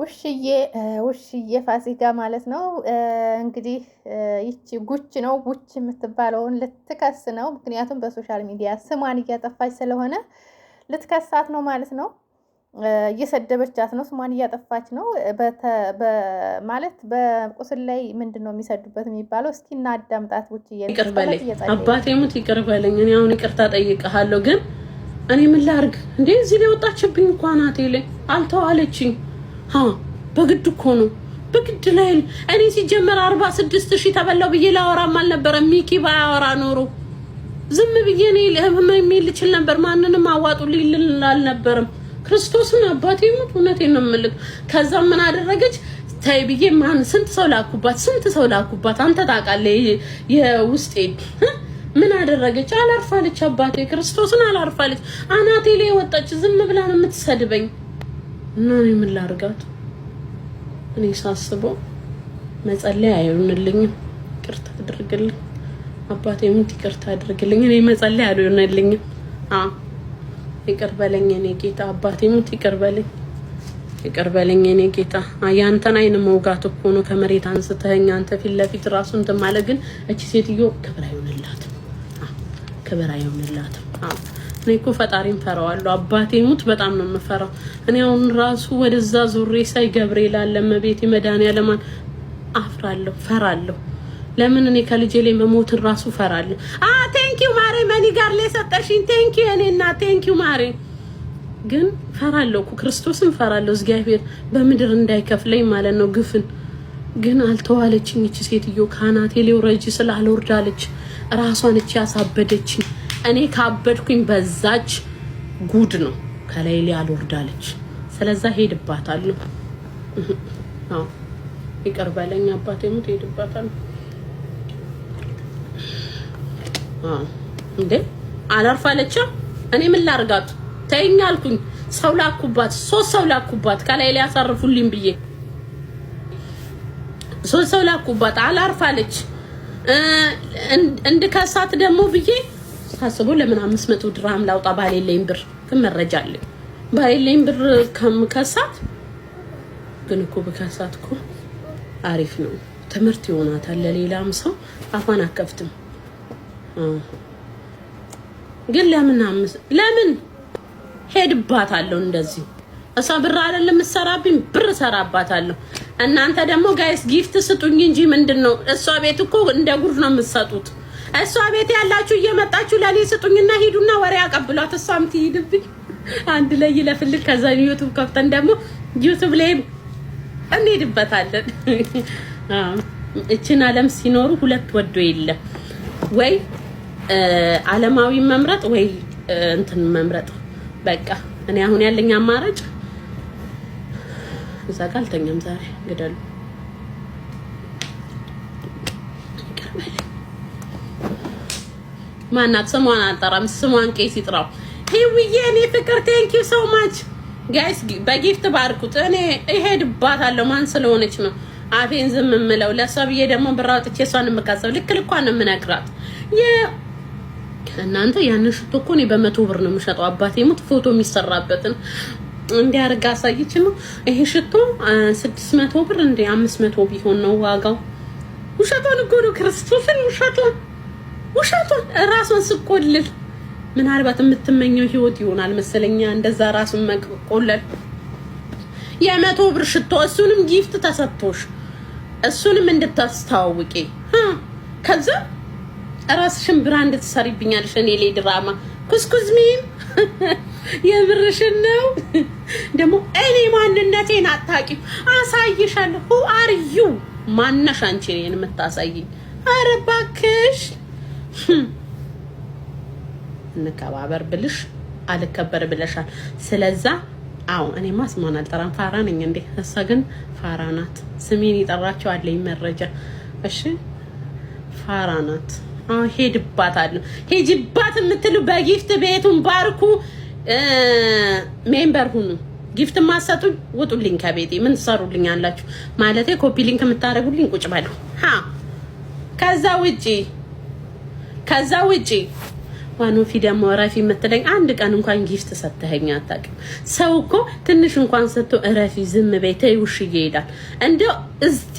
ውሽዬ ውሽዬ ፋሲካ ማለት ነው እንግዲህ ይቺ ጉች ነው ጉች የምትባለውን ልትከስ ነው። ምክንያቱም በሶሻል ሚዲያ ስሟን እያጠፋች ስለሆነ ልትከሳት ነው ማለት ነው። እየሰደበቻት ነው፣ ስሟን እያጠፋች ነው ማለት በቁስል ላይ ምንድን ነው የሚሰዱበት የሚባለው? እስኪ እናዳምጣት። አዳምጣት። ውጭ አባቴ ሙት ይቅር በለኝ። እኔ አሁን ይቅርታ ጠይቀሃለሁ፣ ግን እኔ ምን ላርግ እንዴ? እዚህ ላይ ወጣችብኝ እኮ ናቴ ላይ አልተዋለችኝ በግድ እኮ ነው በግድ ላይ እኔ ሲጀመር አርባ ስድስት ሺህ ተበላው ብዬ ላወራም አልነበረም። ሚኪ ባያወራ ኖሮ ዝም ብዬ እኔ ህመሜ ልችል ነበር። ማንንም አዋጡ ሊልል አልነበርም። ክርስቶስን አባቴ ሙት እውነቴን ነው የምልክ። ከዛ ምን አደረገች ታይ ብዬ ማን ስንት ሰው ላኩባት፣ ስንት ሰው ላኩባት። አንተ ታውቃለህ የውስጤ ምን አደረገች? አላርፋለች አባቴ ክርስቶስን አላርፋለች። አናቴ ላይ ወጣች። ዝም ብላ ነው የምትሰድበኝ። ምን ላድርጋት? እኔ ሳስበው መጸለይ አይሆንልኝም። ይቅርታ አድርግልኝ አባቴ፣ ምን ይቅርታ አድርግልኝ። እኔ መጸለይ አልሆነልኝም። አ ይቅር በለኝ እኔ ጌታ፣ አባቴ ምን ይቅር በለኝ፣ ይቅር በለኝ እኔ ጌታ። ያንተን አይን መውጋት እኮ ነው ከመሬት አንስተኸኝ አንተ ፊት ለፊት ራሱ እንትን ማለት ግን እቺ ሴትዮ ክብር አይሆንላትም፣ ክብር አይሆንላትም። እኔ እኮ ፈጣሪን ፈራዋለሁ። አባቴ ሙት በጣም ነው የምፈራው። እኔ አሁን ራሱ ወደዛ ዙሬ ሳይ ገብርኤል አለ እመቤቴ መድኃኒዓለም አፍራለሁ፣ ፈራለሁ። ለምን እኔ ከልጄ ላይ መሞትን ራሱ ፈራለሁ። አ ቴንኪዩ ማሬ መኒ ጋር ላይ ሰጠሽኝ። ቴንኪዩ እኔና ቴንኪዩ ማሬ ግን ፈራለሁ እኮ ክርስቶስን ፈራለሁ። እግዚአብሔር በምድር እንዳይከፍለኝ ማለት ነው ግፍን ግን አልተዋለችኝ። እቺ ሴትዮ ካናቴ ላይ ውረጂ ስላልወርዳለች ራሷን እቺ ያሳበደችኝ እኔ ካበድኩኝ በዛች ጉድ ነው ከላይ ሊያል ወርዳለች። ስለዛ ሄድባታለሁ። ይቅር በለኝ አባቴ ሙት። ሄድባታለሁ እንዴ አላርፋለቻ። እኔ ምን ላርጋት? ተይኝ አልኩኝ። ሰው ላኩባት፣ ሶስት ሰው ላኩባት ከላይ ሊያሳርፉልኝ ብዬ ሶስት ሰው ላኩባት። አላርፋለች እንድከሳት ደግሞ ብዬ ታስቦ ለምን አምስት መቶ ድርሃም ላውጣ ባሌለኝ ብር ግን መረጃ አለኝ። ባሌለኝ ብር ከምከሳት ግን እኮ ብከሳት እኮ አሪፍ ነው፣ ትምህርት ይሆናታል። ለሌላም ሰው አፏን አከፍትም። ግን ለምን አምስ ለምን ሄድባታለሁ? እንደዚህ እሷ ብር አይደለም የምትሰራብኝ፣ ብር እሰራባታለሁ። እናንተ ደግሞ ጋይስ ጊፍት ስጡኝ እንጂ ምንድን ነው እሷ ቤት እኮ እንደ ጉድ ነው የምትሰጡት። እሷ ቤት ያላችሁ እየመጣችሁ ለእኔ ስጡኝና ሂዱና ወሬ አቀብሏት፣ እሷም ትሂድብኝ። አንድ ላይ ይለፍልክ። ከዛ ዩቱብ ከፍተን ደግሞ ዩቱብ ላይ እንሄድበታለን። እችን አለም ሲኖሩ ሁለት ወዶ የለም ወይ አለማዊ መምረጥ ወይ እንትን መምረጥ። በቃ እኔ አሁን ያለኝ አማራጭ እዛ ጋር አልተኛም ዛሬ ግደሉ። ማናት ስሟን አልጠራም። ስሟን ቄስ ይጥራው። ሂውዬ እኔ ፍቅር ቴንክ ዩ ሶ ማች ጋይስ፣ በጊፍት ባርኩት። እኔ እሄድባታለሁ። ማን ስለሆነች ነው አፌን ዝም የምለው? ለእሷ ብዬ ደግሞ ብር አውጥቼ እሷን የምካሰብ ልክ ልኳን የምነግራት እናንተ ያን ሽቶ እኮ እኔ በመቶ ብር ነው የምሸጠው። አባቴ ሙት ፎቶ የሚሰራበትን እንዲያርግ አሳይች ነው። ይሄ ሽቶ ስድስት መቶ ብር እንደ አምስት መቶ ቢሆን ነው ዋጋው። ውሸቷን እኮ ነው ክርስቶስን ውሸቷን ውሸቱን ራሱን ስቆልል ምናልባት የምትመኘው ህይወት ይሆናል መሰለኛ። እንደዛ ራሱን መቆለል የመቶ ብር ሽቶ እሱንም ጊፍት ተሰጥቶሽ እሱንም እንድታስተዋውቂ ከዛ ራስሽን ብራንድ ትሰሪብኛለሽ። እኔ ላይ ድራማ ኩስኩዝሚም የብርሽን ነው ደግሞ እኔ ማንነቴን አታውቂም፣ አሳይሻለሁ። ሁ አር ማነሽ አንቺ እኔን የምታሳይኝ? ኧረ እባክሽ እንከባበር ብልሽ አልከበር ብለሻል። ስለዛ አዎ እኔ ማስማን አልጠራም ፋራ ነኝ እንዴ? እሷ ግን ፋራ ናት። ስሜን የጠራቸው አለኝ መረጃ። እሺ ፋራ ናት። አለ ሄጅባት የምትሉ በጊፍት ቤቱን ባርኩ፣ ሜምበር ሁኑ። ጊፍት ማሰጡኝ ውጡልኝ ከቤቴ። ምን ትሰሩልኝ አላችሁ? ማለቴ ኮፒ ሊንክ የምታደርጉልኝ ቁጭ በሉ። ከዛ ውጪ ከዛ ውጪ ዋኖፊ ደግሞ እረፊ የምትለኝ አንድ ቀን እንኳን ጊፍት ሰተኸኝ አታውቅም። ሰው እኮ ትንሽ እንኳን ሰጥቶ እረፊ ዝም በይ ተይ ውሽዬ ይሄዳል። እንደው እስቲ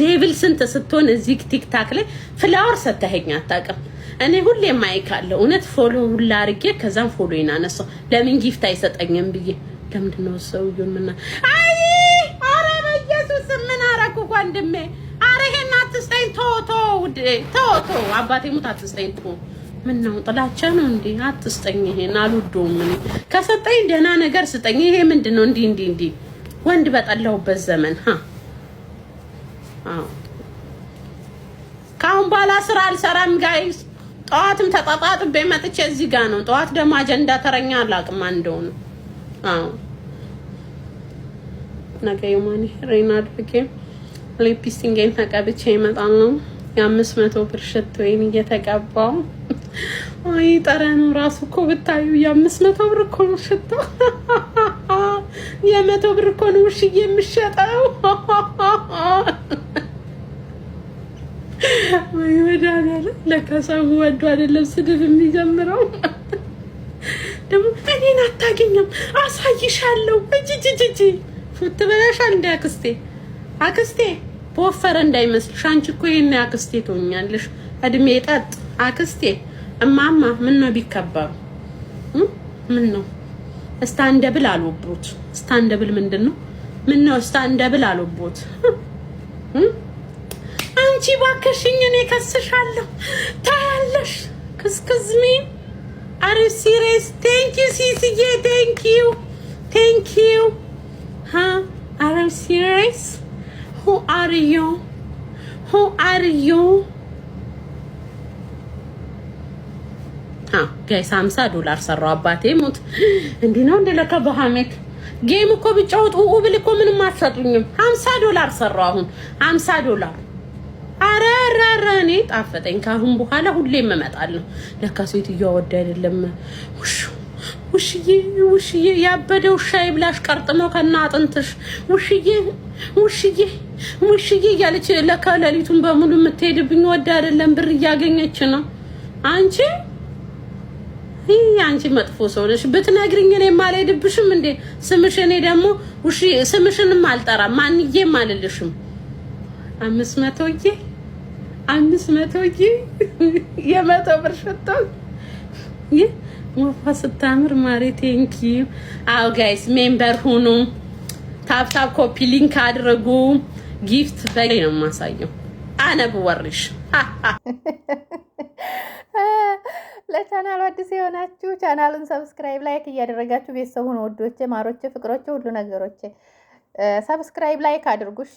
ሌቭል ስንት ስትሆን እዚህ ቲክታክ ላይ ፍላወር ሰተኸኝ አታውቅም። እኔ ሁሌ ማይካለሁ እውነት ፎሎ ሁላ አርጌ ከዛም ፎሎ ይናነሳው ለምን ጊፍት አይሰጠኝም ብዬ ለምንድነው ሰውዬውን ምና አይ አረ በኢየሱስ ምን አረኩ ጓንድሜ እንዴ ተው ተው፣ አባቴ ሙት አትስጠኝ። ተው ምን ነው ጥላቻ ነው እንዴ? አትስጠኝ፣ ይሄን አልወደውም እኔ። ከሰጠኝ ደህና ነገር ስጠኝ። ይሄ ምንድን ነው? እንዲህ እንዲህ እንዲህ ወንድ በጠላሁበት ዘመን ሀ አዎ፣ ከአሁን በኋላ ስራ አልሰራም ጋይስ። ጠዋትም ተጣጣጥቤ መጥቼ እዚህ ጋር ነው። ጠዋት ደግሞ አጀንዳ ተረኛ አላቅም እንደሆነ አዎ ነገ የማን ሬና አድርጌ ሊፕስቲንጌን ተቀብቼ ይመጣል ነው። የአምስት መቶ ብር ሽቶ ወይን እየተቀባው አይ ጠረኑ ራሱ እኮ ብታዩ የአምስት መቶ ብር እኮ ነው ሽቶ የመቶ ብር እኮ ነው ውሽ የምሸጠው ወይ ወዳለ ለከሰቡ ወዱ አይደለም ስድብ የሚጀምረው ደግሞ እኔን አታገኘም አሳይሻለሁ እጅ ፉት ብለሻል እንዲ አክስቴ አክስቴ በወፈረ እንዳይመስልሽ። አንቺ እኮ ይሄን አክስቴ ትሆኛለሽ። እድሜ ጠጥ አክስቴ እማማ ምን ነው ቢከበሩ ምን ነው ስታንደብል አልወቦት። ስታንደብል ምንድን ነው? ምን ነው ስታንደብል አልወቦት። አንቺ ባከሽኝ፣ እኔ ከስሻለሁ። ታያለሽ ክስክዝሚ አር ሲሪየስ ቴንክ ዩ ሲሲዬ ቴንክ ዩ ቴንክ ዩ ሃ አር ሲሪየስ ሁ አር ዩ ሁ አር ዩ ጋይስ ሀምሳ ዶላር ሰራው። አባቴ ሙት እንዲህ ነው እንደ በሀሜት ጌም እኮ ብጫወት ኡ ብል እኮ ምንም አትሰጡኝም። ሀምሳ ዶላር ሰራው። አሁን ሀምሳ ዶላር አረ ራራ እኔ ጣፈጠኝ። ከአሁን በኋላ ሁሌም እመጣለሁ። ለካ ሴትዮዋ ወደ አይደለም ውሽ ውሽዬ ውሽዬ ያበደ ውሻ ይብላሽ ቀርጥሞ ከና አጥንትሽ ውሽዬ ውሽዬ ሙሽዬ እያለች ለካ ሌሊቱን በሙሉ የምትሄድብኝ ወደ አይደለም ብር እያገኘች ነው። አንቺ ይህ አንቺ መጥፎ ሰው ነሽ። ብትነግሪኝ እኔም አልሄድብሽም እንዴ ስምሽ። እኔ ደግሞ ውሺ ስምሽንም አልጠራም ማንዬም አልልሽም። አምስት መቶዬ አምስት መቶዬ የመቶ ብር ሽቶ ይህ ወፋ ስታምር ማሬ ቴንኪ። አዎ ጋይስ ሜምበር ሁኑ። ታፕታፕ ኮፒ ሊንክ አድርጉ። ጊፍት በጌ ነው የማሳየው። አነብ ወርሽ ለቻናሉ አዲስ የሆናችሁ ቻናሉን ሰብስክራይብ፣ ላይክ እያደረጋችሁ ቤተሰብ ወዶቼ፣ ማሮቼ፣ ፍቅሮቼ፣ ሁሉ ነገሮቼ ሰብስክራይብ፣ ላይክ አድርጉ እሺ።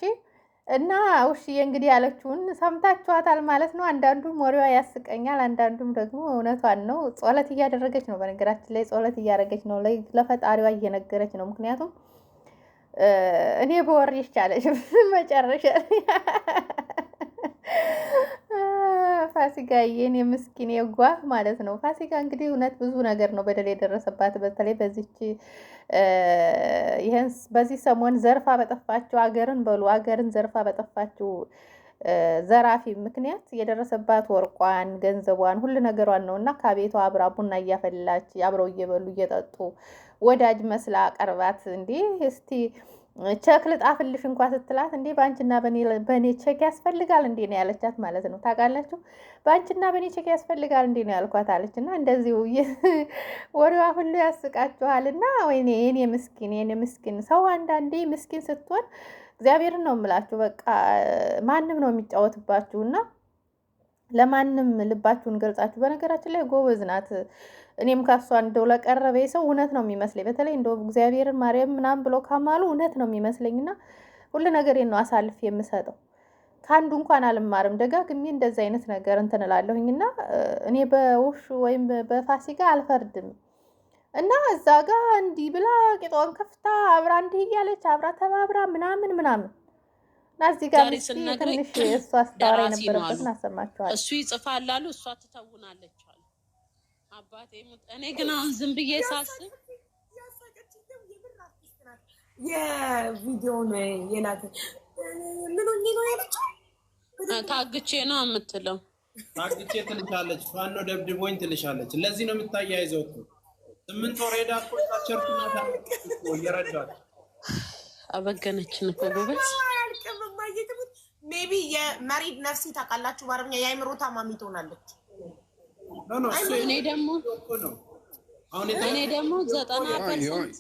እና ውሽዬ እንግዲህ ያለችውን ሰምታችኋታል ማለት ነው። አንዳንዱም ወሬዋ ያስቀኛል፣ አንዳንዱም ደግሞ እውነቷን ነው። ጸሎት እያደረገች ነው። በነገራችን ላይ ጸሎት እያደረገች ነው፣ ለፈጣሪዋ እየነገረች ነው። ምክንያቱም እኔ በወር ይቻለሽ መጨረሻ ፋሲካዬ፣ የኔ ምስኪን የጓ ማለት ነው። ፋሲካ እንግዲህ እውነት ብዙ ነገር ነው በደል የደረሰባት በተለይ በዚች ይህን በዚህ ሰሞን ዘርፋ በጠፋችው አገርን በሉ አገርን ዘርፋ በጠፋችው ዘራፊ ምክንያት የደረሰባት ወርቋን፣ ገንዘቧን፣ ሁሉ ነገሯን ነው እና ከቤቷ አብራ ቡና እያፈላች አብረው እየበሉ እየጠጡ ወዳጅ መስላ አቀርባት። እንዲህ እስቲ ቸክ ልጣፍልሽ እንኳ ስትላት እንዴ በአንቺና በእኔ ቸክ ያስፈልጋል እንዴ ነው ያለቻት ማለት ነው። ታውቃላችሁ በአንቺና በእኔ ቸክ ያስፈልጋል እንዴ ነው ያልኳት አለች። እና እንደዚሁ ወሬዋ ሁሉ ያስቃችኋል። እና ወይኔ የኔ ምስኪን የኔ ምስኪን ሰው አንዳንዴ ምስኪን ስትሆን እግዚአብሔርን ነው የምላችሁ። በቃ ማንም ነው የሚጫወትባችሁ እና ለማንም ልባችሁን ገልጻችሁ። በነገራችን ላይ ጎበዝ ናት እኔም ካሷ እንደው ለቀረበ ሰው እውነት ነው የሚመስለኝ። በተለይ እንደው እግዚአብሔርን ማርያም ምናምን ብሎ ካማሉ እውነት ነው የሚመስለኝና ሁሉ ነገር ነው አሳልፍ የምሰጠው። ከአንዱ እንኳን አልማርም። ደጋግሜ እንደዚ አይነት ነገር እንትን እላለሁኝና እኔ በውሹ ወይም በፋሲካ አልፈርድም። እና እዛ ጋ እንዲህ ብላ ቂጧን ከፍታ አብራ እንዲህ እያለች አብራ ተባብራ ምናምን ምናምን እና እዚህ ጋር ትንሽ እሱ አስተዋራ የነበረበትን አሰማችኋል። እሱ ይጽፋላሉ እሷ ትተውናለች። አባቴ እኔ ግን አሁን ዝም ብዬ ሳስብ የቪዲዮ የላከ ምን ነው ያለችው? ታግቼ ነው የምትለው። ታግቼ ትልሻለች፣ ፋኖ ደብድቦኝ ትልሻለች። ለዚህ ነው የምታያይዘው እኮ ስምንት ወር ሄዳ እኮ እየረዳት አበገነችን እኮ ጎበዝ። ሜይ ቢ የመሪድ ነፍሴ ታውቃላችሁ፣ በአረብኛ የአይምሮ ታማሚ ትሆናለች። እኔ ደግሞ እኔ ደግሞ ዘጠና ፐርሰንት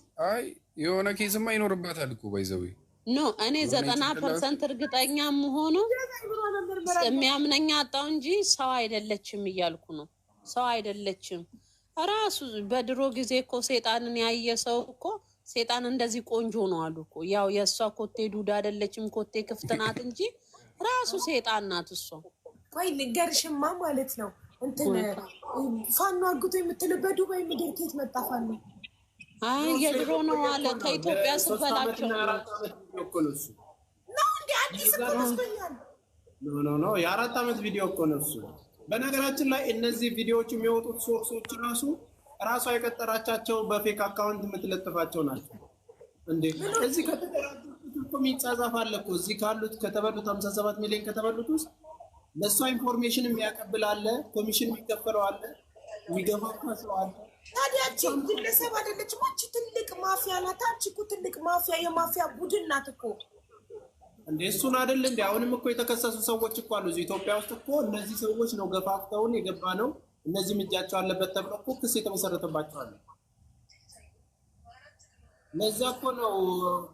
የሆነ ኬስማ ይኖርባታል እኮ ባይዘዌ ኖ እኔ ዘጠና ፐርሰንት እርግጠኛ መሆኑ የሚያምነኛ አጣው እንጂ ሰው አይደለችም እያልኩ ነው። ሰው አይደለችም። ራሱ በድሮ ጊዜ እኮ ሴጣንን ያየ ሰው እኮ ሴጣን እንደዚህ ቆንጆ ነው አሉ እኮ። ያው የእሷ ኮቴ ዱዳ አይደለችም፣ ኮቴ ክፍት ናት እንጂ ራሱ ሴጣን ናት እሷ። ቆይ ንገርሽማ ማለት ነው እንትን ፋኖ አግቶ የምትለው በዱባይ ምድር ከየት መጣ ፋኖ? አይ የድሮ ነው አለ። ከኢትዮጵያ ስትበላቸው ነው እንደ የአራት ዓመት ቪዲዮ እኮ ነው በነገራችን ላይ እነዚህ ቪዲዮዎች የሚወጡት ሶርሶች ራሱ ራሷ የቀጠራቻቸው በፌክ አካውንት የምትለጥፋቸው ናቸው። እንዴ እዚህ ከተጠራችሁ የሚጻጻፍ አለ እኮ እዚህ ካሉት ከተበሉት 57 ሚሊዮን ከተበሉት ውስጥ ለእሷ ኢንፎርሜሽን የሚያቀብል አለ፣ ኮሚሽን የሚከፈለው አለ፣ የሚገፋፋ ሰው አለ። ታዲያ ግለሰብ አይደለችም። አንቺ ትልቅ ማፊያ ናት። አንቺ እኮ ትልቅ ማፊያ የማፊያ ቡድን ናት እኮ እንዴ እሱን አይደል እንደ አሁንም እኮ የተከሰሱ ሰዎች እኮ አሉ እዚህ ኢትዮጵያ ውስጥ እኮ እነዚህ ሰዎች ነው ገፋፍተውን የገባ ነው እነዚህም እጃቸው አለበት ተብሎ እኮ ክስ የተመሰረተባቸው ለዛ እኮ ነው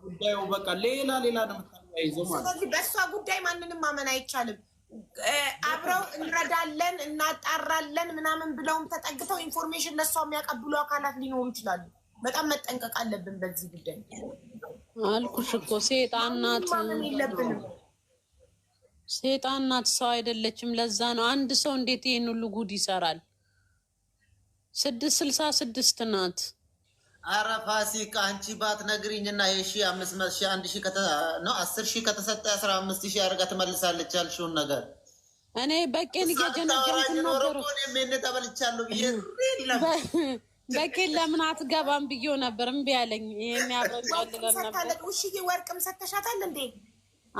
ጉዳዩ በቃ ሌላ ሌላ ነው የምታያይዘው ማለት ስለዚህ በእሷ ጉዳይ ማንንም ማመን አይቻልም። አብረው እንረዳለን እናጣራለን ምናምን ብለውም ተጠግተው ኢንፎርሜሽን ለእሷ የሚያቀብሉ አካላት ሊኖሩ ይችላሉ። በጣም መጠንቀቅ አለብን በዚህ ጉዳይ። አልኩሽ እኮ ሴጣን ናት፣ ሴጣን ናት፣ ሰው አይደለችም። ለዛ ነው አንድ ሰው እንዴት ይህን ሁሉ ጉድ ይሰራል? ስድስት ስልሳ ስድስት ናት። አረ ፋሲካ አንቺ ነግሪኝ እና የሺ አምስት መ አንድ ሺ ነው አስር ሺ ከተሰጠ አስራ አምስት ሺ አድርጋ ትመልሳለች ያልሽውን ነገር እኔ በቄ ንገጀነጀንነበርበልቻለሁ በቄን ለምን አትገባም ብዬው ነበር። እምቢ አለኝ። ይሄን ወርቅም ሰተሻታል እንዴ?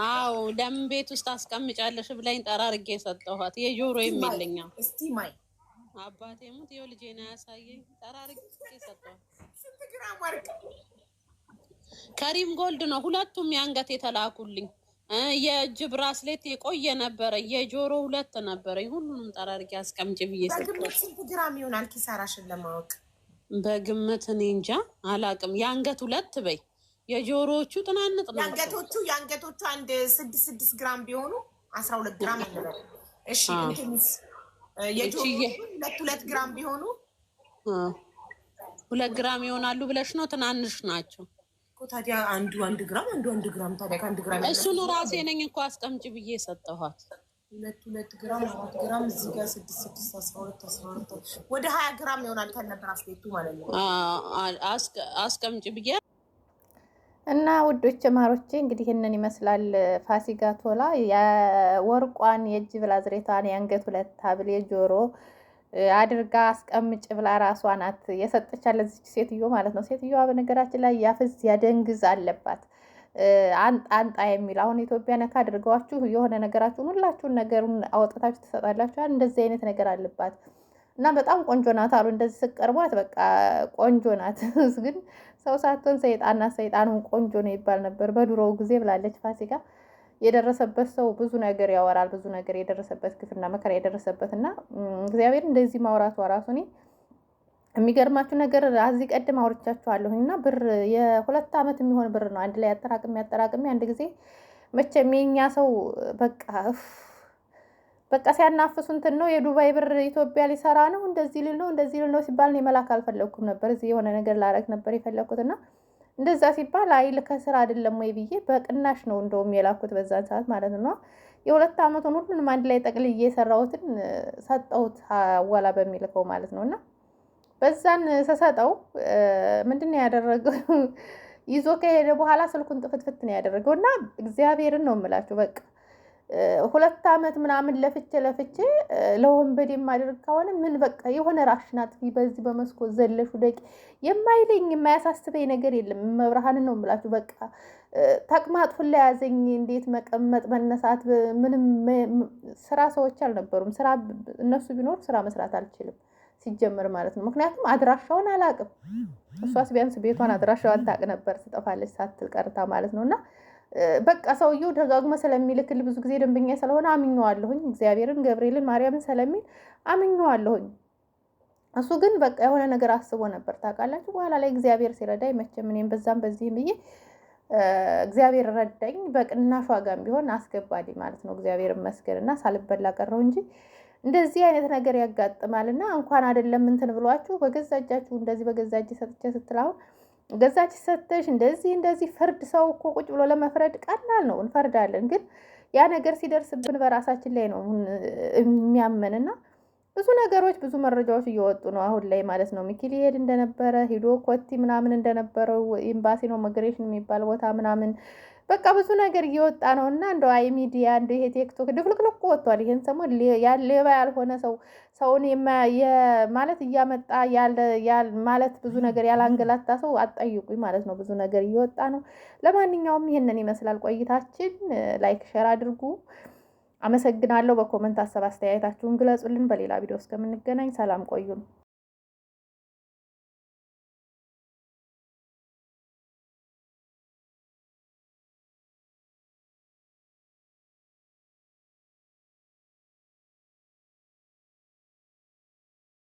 አዎ ለምን ቤት ውስጥ አስቀምጫለሽ ብላኝ ጠራርጌ ሰጠኋት። የጆሮ የሚለኛ አባቴ ሙት የው ልጄን አያሳየኝ ጠራርጌ ሰጠኋት። ስንት ግራም ወርቅ? ከሪም ጎልድ ነው ሁለቱም የአንገት የተላኩልኝ። የእጅ ብራስሌት የቆየ ነበረ፣ የጆሮ ሁለት ነበረ። ሁሉንም ጠራርጌ አስቀምጭ ብዬ ስ ስንት ግራም ይሆናል ኪሳራሽን ለማወቅ በግምት እኔ እንጃ አላቅም። የአንገት ሁለት በይ የጆሮዎቹ ጥናንጥ ነው። የአንገቶቹ የአንገቶቹ አንድ ስድስት ስድስት ግራም ቢሆኑ አስራ ሁለት ግራም ነበር። እሺ የጆሮ ሁለት ሁለት ግራም ቢሆኑ ሁለት ግራም ይሆናሉ ብለሽ ነው? ትናንሽ ናቸው ታዲያ። አንዱ አንድ ግራም አንዱ አንድ ግራም ታዲያ ከአንድ ግራም እሱን ራሴ ነኝ እኮ አስቀምጭ ብዬ የሰጠኋት ሁለት ሁለት ግራም አራት ግራም እዚህ ጋር ስድስት ስድስት አስራ ሁለት አስራ ሁለት ወደ ሀያ ግራም ይሆናል ከነበር አስቤቱ ማለት ነው አስቀምጭ ብዬ እና ውዶች ማሮቼ እንግዲህ ይህንን ይመስላል ፋሲካ ቶላ የወርቋን የእጅ ብላዝሬቷን የአንገት ሁለት ሀብል የጆሮ አድርጋ አስቀምጭ ብላ ራሷ ናት የሰጠቻት ለዚች ሴትዮ ማለት ነው። ሴትዮዋ በነገራችን ላይ ያፍዝ ያደንግዝ አለባት። አንጣ አንጣ የሚል አሁን ኢትዮጵያ ነካ አድርገዋችሁ የሆነ ነገራችሁን ሁላችሁን ነገሩን አወጣታችሁ ትሰጣላችኋል። እንደዚህ አይነት ነገር አለባት እና በጣም ቆንጆ ናት አሉ። እንደዚህ ስትቀርቧት በቃ ቆንጆ ናት፣ ግን ሰው ሳትሆን ሰይጣን ሰይጣኑን ቆንጆ ነው ይባል ነበር በድሮው ጊዜ ብላለች ፋሲካ የደረሰበት ሰው ብዙ ነገር ያወራል። ብዙ ነገር የደረሰበት ግፍና መከራ የደረሰበት እና እግዚአብሔር እንደዚህ ማውራቱ ራሱ እኔ የሚገርማችሁ ነገር አዚህ ቀድም አውርቻችኋለሁኝ እና ብር የሁለት ዓመት የሚሆን ብር ነው አንድ ላይ አጠራቅሜ አጠራቅሜ አንድ ጊዜ መቼም የኛ ሰው በቃ በቃ ሲያናፍሱ እንትን ነው የዱባይ ብር ኢትዮጵያ ሊሰራ ነው እንደዚህ ልል ነው እንደዚህ ልል ነው ሲባል እኔ መላክ አልፈለግኩም ነበር። እዚህ የሆነ ነገር ላረግ ነበር የፈለግኩት የፈለግኩትና እንደዛ ሲባል አይ ከስራ አይደለም ወይ ብዬ በቅናሽ ነው እንደውም የላኩት በዛን ሰዓት ማለት ነው። የሁለት ዓመቱን ሁሉንም አንድ ላይ ጠቅልዬ የሰራሁትን ሰጠሁት አወላ በሚልከው ማለት ነው። እና በዛን ስሰጠው ምንድን ነው ያደረገው? ይዞ ከሄደ በኋላ ስልኩን ጥፍትፍት ነው ያደረገው። እና እግዚአብሔርን ነው የምላችሁ በቃ ሁለት ዓመት ምናምን ለፍቼ ለፍቼ ለወንበዴ የማደርግ ከሆነ ምን በቃ የሆነ ራሽን አጥፊ በዚህ በመስኮ ዘለሹ ደቂ የማይለኝ የማያሳስበኝ ነገር የለም። መብርሃንን ነው የምላችሁ። በቃ ተቅማጥፉን ለያዘኝ እንዴት መቀመጥ መነሳት፣ ምንም ስራ ሰዎች አልነበሩም። ስራ እነሱ ቢኖር ስራ መስራት አልችልም ሲጀምር ማለት ነው። ምክንያቱም አድራሻውን አላቅም። እሷስ ቢያንስ ቤቷን አድራሻዋን ታቅ ነበር፣ ትጠፋለች ሳትል ቀርታ ማለት ነው እና በቃ ሰውየው ደጋግመ ስለሚልክል ብዙ ጊዜ ደንበኛ ስለሆነ አምኘዋለሁኝ። እግዚአብሔርን ገብርኤልን ማርያምን ስለሚል አምኘዋለሁኝ። እሱ ግን በቃ የሆነ ነገር አስቦ ነበር ታውቃላችሁ። በኋላ ላይ እግዚአብሔር ሲረዳኝ መቼም እኔም በዛም በዚህም ብዬ እግዚአብሔር ረዳኝ። በቅናሽ ዋጋም ቢሆን አስገባልኝ ማለት ነው። እግዚአብሔር ይመስገን እና ሳልበላ ቀረው እንጂ እንደዚህ አይነት ነገር ያጋጥማል እና እንኳን አይደለም እንትን ብሏችሁ በገዛ እጃችሁ እንደዚህ በገዛ እጅ ሰጥቼ ስትል አሁን ገዛች ሰተሽ እንደዚህ እንደዚህ ፍርድ ሰው እኮ ቁጭ ብሎ ለመፍረድ ቀላል ነው። እንፈርዳለን፣ ግን ያ ነገር ሲደርስብን በራሳችን ላይ ነው የሚያመን እና ብዙ ነገሮች ብዙ መረጃዎች እየወጡ ነው አሁን ላይ ማለት ነው። ሚኪ ሊሄድ እንደነበረ ሂዶ ኮቲ ምናምን እንደነበረው ኤምባሲ ነው ኢሚግሬሽን የሚባል ቦታ ምናምን በቃ ብዙ ነገር እየወጣ ነው እና እንደ አይ ሚዲያ እንደ ይሄ ቲክቶክ ድፍልቅልቁ ወጥቷል። ይህን ሰሞን ሌባ ያልሆነ ሰው ሰውን ማለት እያመጣ ማለት ብዙ ነገር ያላንገላታ ሰው አጠይቁኝ ማለት ነው። ብዙ ነገር እየወጣ ነው። ለማንኛውም ይህንን ይመስላል ቆይታችን። ላይክ ሸር አድርጉ። አመሰግናለሁ። በኮመንት ሀሳብ አስተያየታችሁን ግለጹልን። በሌላ ቪዲዮ እስከምንገናኝ ሰላም ቆዩን።